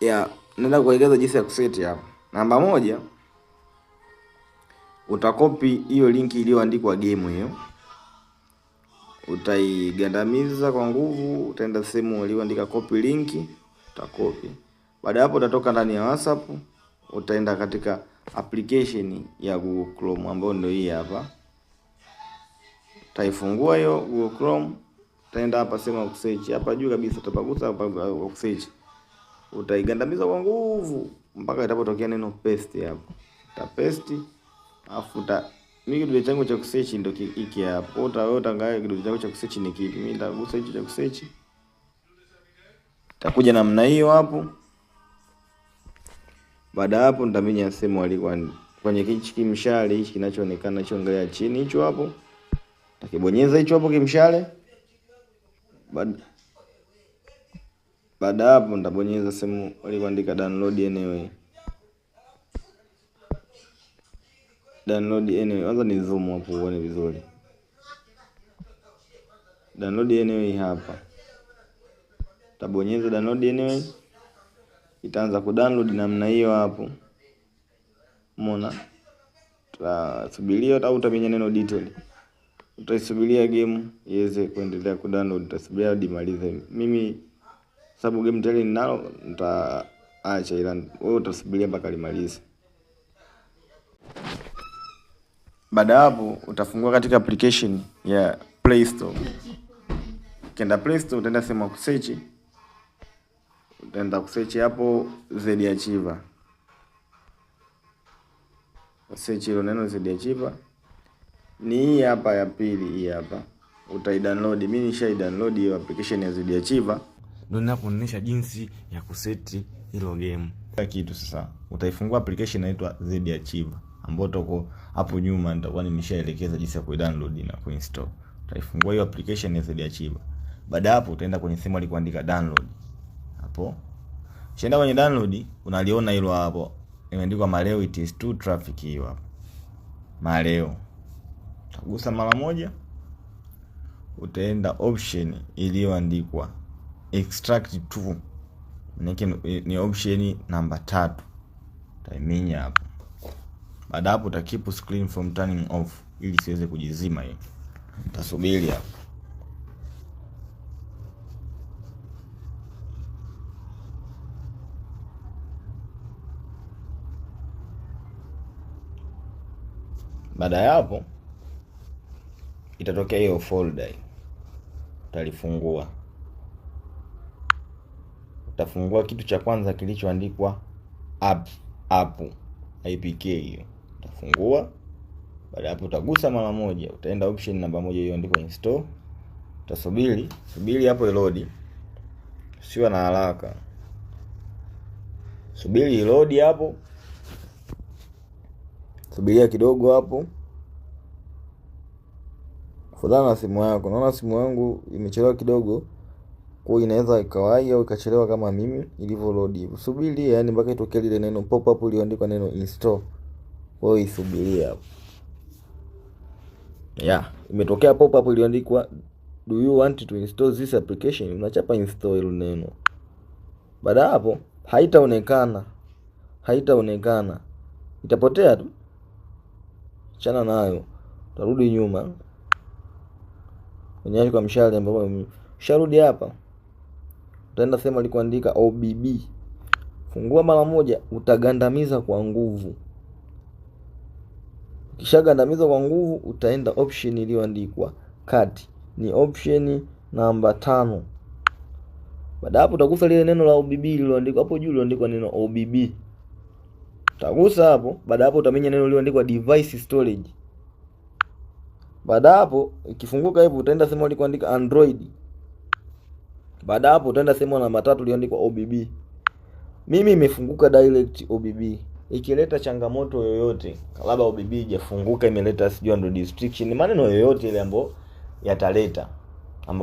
ya naenda kuelekeza jinsi ya kuseti hapa. Namba moja, utakopi hiyo linki iliyoandikwa game hiyo, utaigandamiza kwa nguvu, utaenda sehemu iliyoandika copy link, utakopi. Baada hapo utatoka ndani ya WhatsApp, utaenda katika application ya Google Chrome ambayo ndio hii hapa. Utaifungua hiyo Google Chrome, utaenda hapa sehemu ya kusearch, hapa juu kabisa utapagusa hapa kusearch utaigandamiza kwa nguvu mpaka itapotokea neno paste hapo. Ta paste afu ta mimi kidude changu cha kusearch ndio hiki hapo. Uta wewe utangaa kidude changu cha kusearch ni kipi? Mimi nitagusa hicho cha kusearch. Takuja namna hiyo hapo. Baada hapo nitaminya sehemu alikuwa kwenye kichi kimshale hichi kinachoonekana hicho angalia chini hicho hapo. Takibonyeza hicho hapo kimshale. Baada baada hapo nitabonyeza sehemu walikuandika download anyway. Download anyway. Kwanza ni zoom hapo uone vizuri. Download anyway hapa. Tabonyeza download anyway. Itaanza ku download namna hiyo hapo. Umeona? Utasubiria au utabenya neno detail. Utaisubiria game iweze kuendelea ku download, utasubiria hadi imalize. Mimi sababu game tele ninalo nitaacha, ila wewe utasubiria mpaka limalize. Baada hapo, utafungua katika application ya Play Store. Ukienda Play Store, utaenda sehemu ya kusearch, utaenda kusearch hapo Zed Achiever. search hilo neno Zedi Achiva ni hii hapa ya pili, hii hapa utaidownload. Mimi nishaidownload hiyo application ya Zedi Achiva ndio ninakuonyesha jinsi ya kuseti hilo game kitu. Sasa utaifungua application inaitwa Z Archive ambayo toko hapo nyuma nitakuwa nimeshaelekeza jinsi ya kuidownload na kuinstall. Utaifungua hiyo application ya Z Archive. Baada hapo utaenda kwenye sehemu alikuandika download. Hapo shenda kwenye download, unaliona hilo hapo imeandikwa Maleo it is too traffic, hiyo hapo Maleo utagusa mara moja, utaenda option iliyoandikwa extract to nike eh, ni option namba tatu, taiminya hapo. Baada hapo uta keep screen from turning off ili siweze kujizima hiyo, utasubiri hapo Baada ya hapo itatokea hiyo folder, utalifungua utafungua kitu cha kwanza kilichoandikwa app app apk hiyo utafungua. Baada hapo utagusa mara moja, utaenda option namba moja iliyoandikwa install, utasubiri subiri hapo ilodi, sio na haraka, subiri ilodi hapo, subiria kidogo hapo fadhana na simu yako. Naona simu yangu imechelewa kidogo kwa hiyo inaweza ikawai au ikachelewa kama mimi nilivyolodi hivyo. Subiri yani mpaka itokee lile neno pop up iliyoandikwa neno install. Kwa hiyo isubiri hapo. Yeah, imetokea pop up iliyoandikwa do you want to install this application? Unachapa install ile neno. Baada hapo haitaonekana. Haitaonekana. Itapotea tu. Chana nayo. tarudi nyuma. Kwenye kwa mshale ambapo sharudi hapa utaenda sehemu alikuandika OBB, fungua mara moja, utagandamiza kwa nguvu. Ukishagandamiza kwa nguvu, utaenda option iliyoandikwa cut, ni option namba tano. Baada hapo utagusa lile neno la OBB lililoandikwa hapo juu, lililoandikwa neno OBB utagusa hapo. Baada hapo utamenya neno lililoandikwa device storage. Baada hapo ikifunguka hivyo, utaenda sehemu alikuandika Android. Baada hapo utaenda sehemu namba tatu iliyoandikwa OBB. Mimi imefunguka direct OBB. Ikileta changamoto yoyote, labda OBB ijafunguka imeleta sijui ndo restriction, maneno yoyote ile ambayo yataleta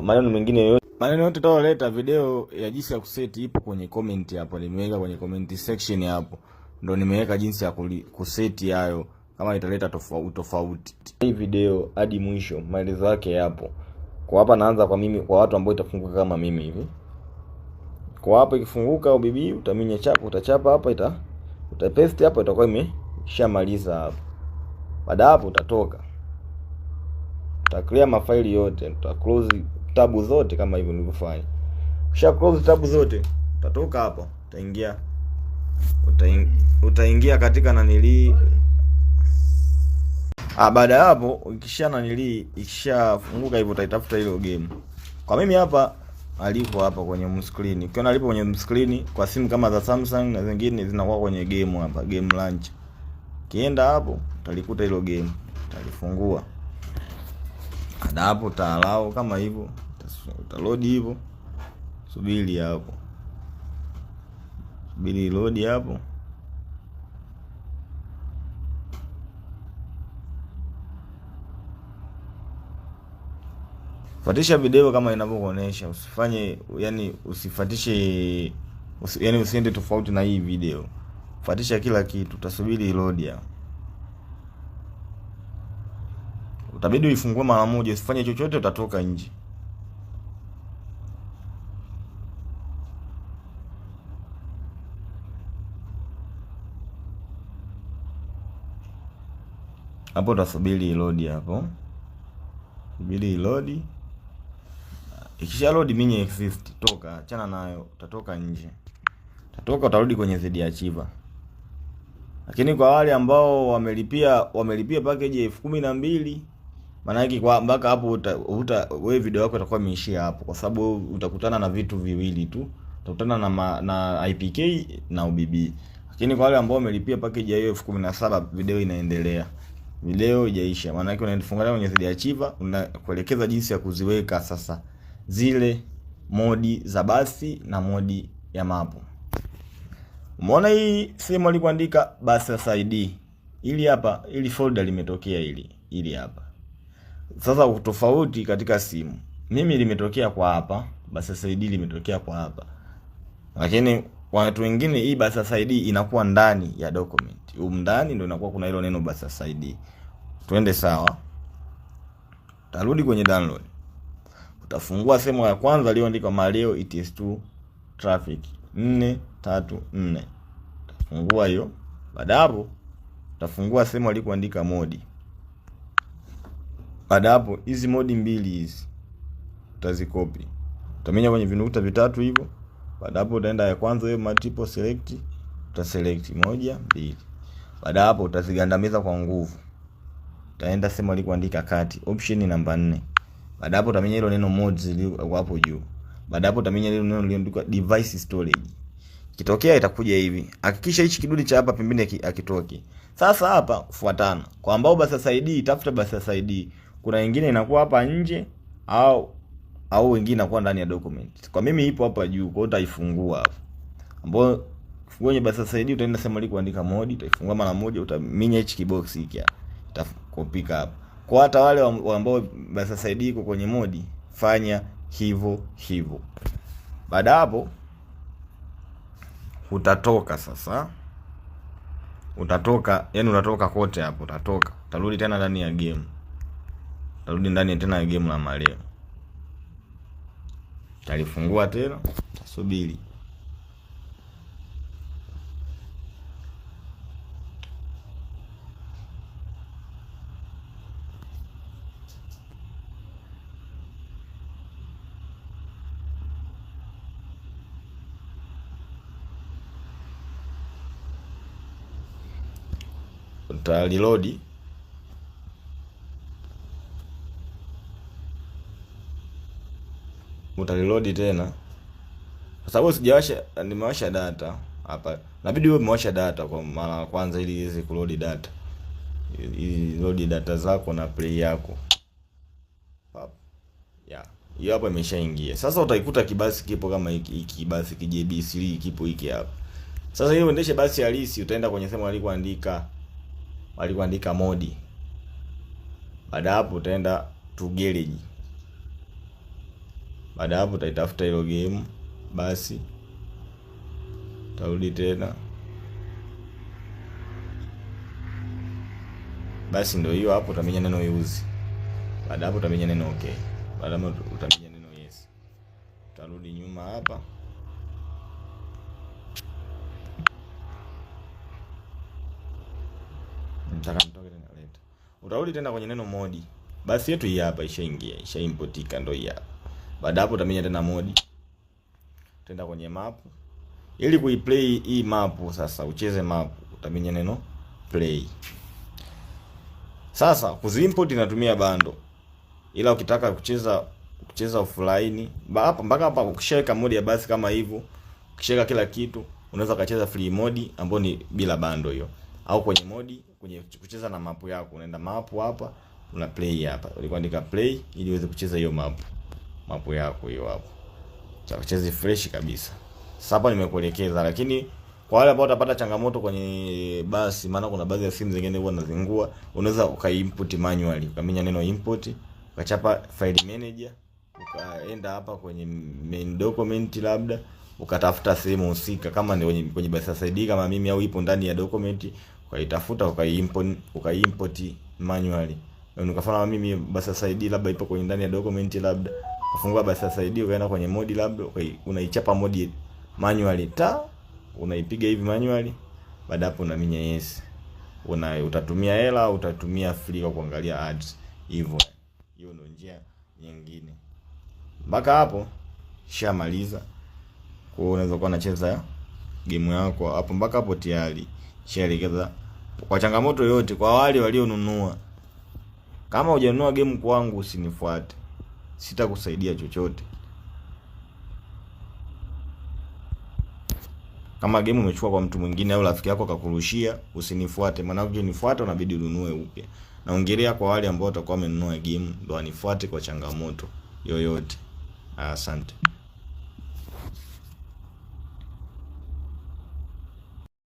maneno mengine yoyote maneno yote tutaoleta Video ya jinsi ya kuseti ipo kwenye comment hapo, nimeweka kwenye comment section hapo, ndo nimeweka jinsi ya kuseti hayo, kama italeta tofauti tofauti. Hii video hadi mwisho, maelezo yake yapo. Kwa hapa naanza kwa mimi, kwa watu ambao itafunguka kama mimi hivi. Kwa hapa ikifunguka au utaminya chapa, utachapa hapa ita utapaste hapa, itakuwa imeshamaliza hapa. Baada hapo utatoka, uta clear mafaili yote, uta close tabu zote kama hivyo nilivyofanya. Ukisha close tabu zote, utatoka hapa, utaingia utaingia katika nanili Ah, baada ya hapo ikisha nanili ikishafunguka hivyo utaitafuta hilo game. Kwa mimi hapa alipo hapa kwenye screen. Ukiona alipo kwenye screen kwa simu kama za Samsung na zingine zinakuwa kwenye game hapa, game launch. Kienda hapo utalikuta hilo game, utalifungua. Baada hapo utaalao kama hivyo, utaload hivyo. Subiri hapo. Subiri load hapo. Fatisha video kama inavyokuonesha, usifanye yani, usifatishe usi, yani usiende tofauti na hii video. Fatisha kila kitu, utasubiri ilodia ya utabidi uifungue mara moja, usifanye chochote, utatoka nje. Hapo utasubiri ilodi hapo, subiri ilodi Ikisha load mini exist, toka achana nayo, utatoka nje, utatoka utarudi kwenye ZD Archiver. Lakini kwa wale ambao wamelipia wamelipia package elfu kumi na mbili maana yake kwa mpaka hapo uta wewe video yako itakuwa imeishia hapo, kwa sababu utakutana na vitu viwili tu, utakutana na ma, na IPK na UBB. Lakini kwa wale ambao wamelipia package ya hiyo elfu kumi na saba video inaendelea video ijaisha maana yake unafunga kwenye zidi Archiver, unakuelekeza jinsi ya kuziweka sasa zile modi za basi na modi ya mapu. Umeona hii sehemu alikuandika basi ID. Ili hapa ili folder limetokea ili ili hapa. Sasa utofauti katika simu. Mimi limetokea kwa hapa, basi ID limetokea kwa hapa. Lakini kwa watu wengine hii basi ID inakuwa ndani ya document. Huko ndani ndio inakuwa kuna hilo neno basi ID. Tuende sawa. Tarudi kwenye download. Tafungua sehemu ya kwanza iliyoandikwa Mario it is to traffic 434 3 Tafungua hiyo. Baada hapo tafungua sehemu alikoandika modi. Baada hapo hizi modi mbili hizi utazikopi. Utamenya kwenye vinukta vitatu hivyo. Baada hapo utaenda ya kwanza hiyo multiple select utaselect moja, mbili. Baada hapo utazigandamiza kwa nguvu. Utaenda sehemu alikoandika kati option namba 4. Baada hapo utamenya hilo neno mods liko hapo juu. Baada hapo utamenya hilo neno lililoandikwa device storage. Kitokea itakuja hivi. Hakikisha hichi kidude cha hapa pembeni akitoki. Sasa hapa fuatana. Kwa ambao basa ID tafuta basa ID. Kuna wengine inakuwa hapa nje au au wengine inakuwa ndani ya document. Kwa mimi ipo hapa juu, kwa hiyo utaifungua hapo. Ambao fungue basa ID utaenda sema liko andika modi, utaifungua mara moja, utaminya hichi kibox hiki hapa. Itakupika hapa. Kwa hata wale ambao sasa iko kwenye modi, fanya hivyo hivyo. Baada hapo utatoka sasa, utatoka yani, utatoka kote hapo, utatoka utarudi tena ndani ya game, utarudi ndani tena ya game la maleo, utalifungua tena, utasubiri. tuta reload reload tena kwa sababu sijawasha, nimewasha data hapa, nabidi wewe umewasha data kwa mara ya kwanza, ili iweze kuload data, ili load data zako na play yako hapo. Yeah, hiyo hapo imeshaingia. Sasa utaikuta kibasi kipo kama hiki, kibasi kijb3 kipo hiki hapa. Sasa hiyo uendeshe basi halisi, utaenda kwenye sehemu alikoandika walikuandika modi. Baada hapo utaenda to garage. Baada hapo utaitafuta hiyo game, basi utarudi tena, basi ndio hiyo hapo, utamenya neno use. Baada hapo utamenya neno okay. Baada hapo utamenya neno yes. Utarudi nyuma hapa. mtaka naleta. Utarudi tena kwenye neno modi. Basi yetu hii hapa ishaingia, ishaimportika ndio hii hapa. Baada hapo utaminya tena modi. Tenda kwenye map. Ili kuiplay hii map sasa ucheze map utaminya neno play. Sasa kuzimport inatumia bando. Ila ukitaka kucheza kucheza offline hapa mpaka hapa ukishaweka modi ya basi kama hivyo, ukishaweka kila kitu unaweza kacheza free modi ambayo ni bila bando hiyo au kwenye modi kwenye kucheza na mapu yako, unaenda mapu hapa, una play hapa, ulikuwa andika play ili uweze kucheza hiyo mapu mapu yako hiyo hapo, utacheza fresh kabisa. Sasa hapa nimekuelekeza, lakini kwa wale ambao utapata changamoto kwenye basi, maana kuna baadhi ya simu zingine huwa nazingua, unaweza ukaimport manually, ukaminya neno import, ukachapa file manager, ukaenda hapa kwenye main document labda ukatafuta sehemu husika, kama ni kwenye basi ID kama mimi, au ipo ndani ya document ukaitafuta ukaiimport ukaiimport manually nikafanya mimi basi labda ipo kwenye ndani ya document labda kufungua basi ukaenda kwenye modi labda ukai, unaichapa modi manually ta unaipiga hivi manually baada hapo unaminya yes una utatumia hela utatumia free kwa kuangalia ads hivyo hiyo ndio njia nyingine mpaka hapo shamaliza kwa unaweza kuwa unacheza game yako hapo mpaka hapo tayari shaelekeza kwa changamoto yote, kwa wale walionunua, kama hujanunua game kwangu usinifuate, sitakusaidia chochote. Kama game umechukua kwa mtu mwingine au rafiki yako akakurushia, usinifuate, maana ukinifuata unabidi ununue upya. Naongelea kwa wale ambao watakuwa wamenunua game, ndo wanifuate kwa changamoto yoyote. Asante.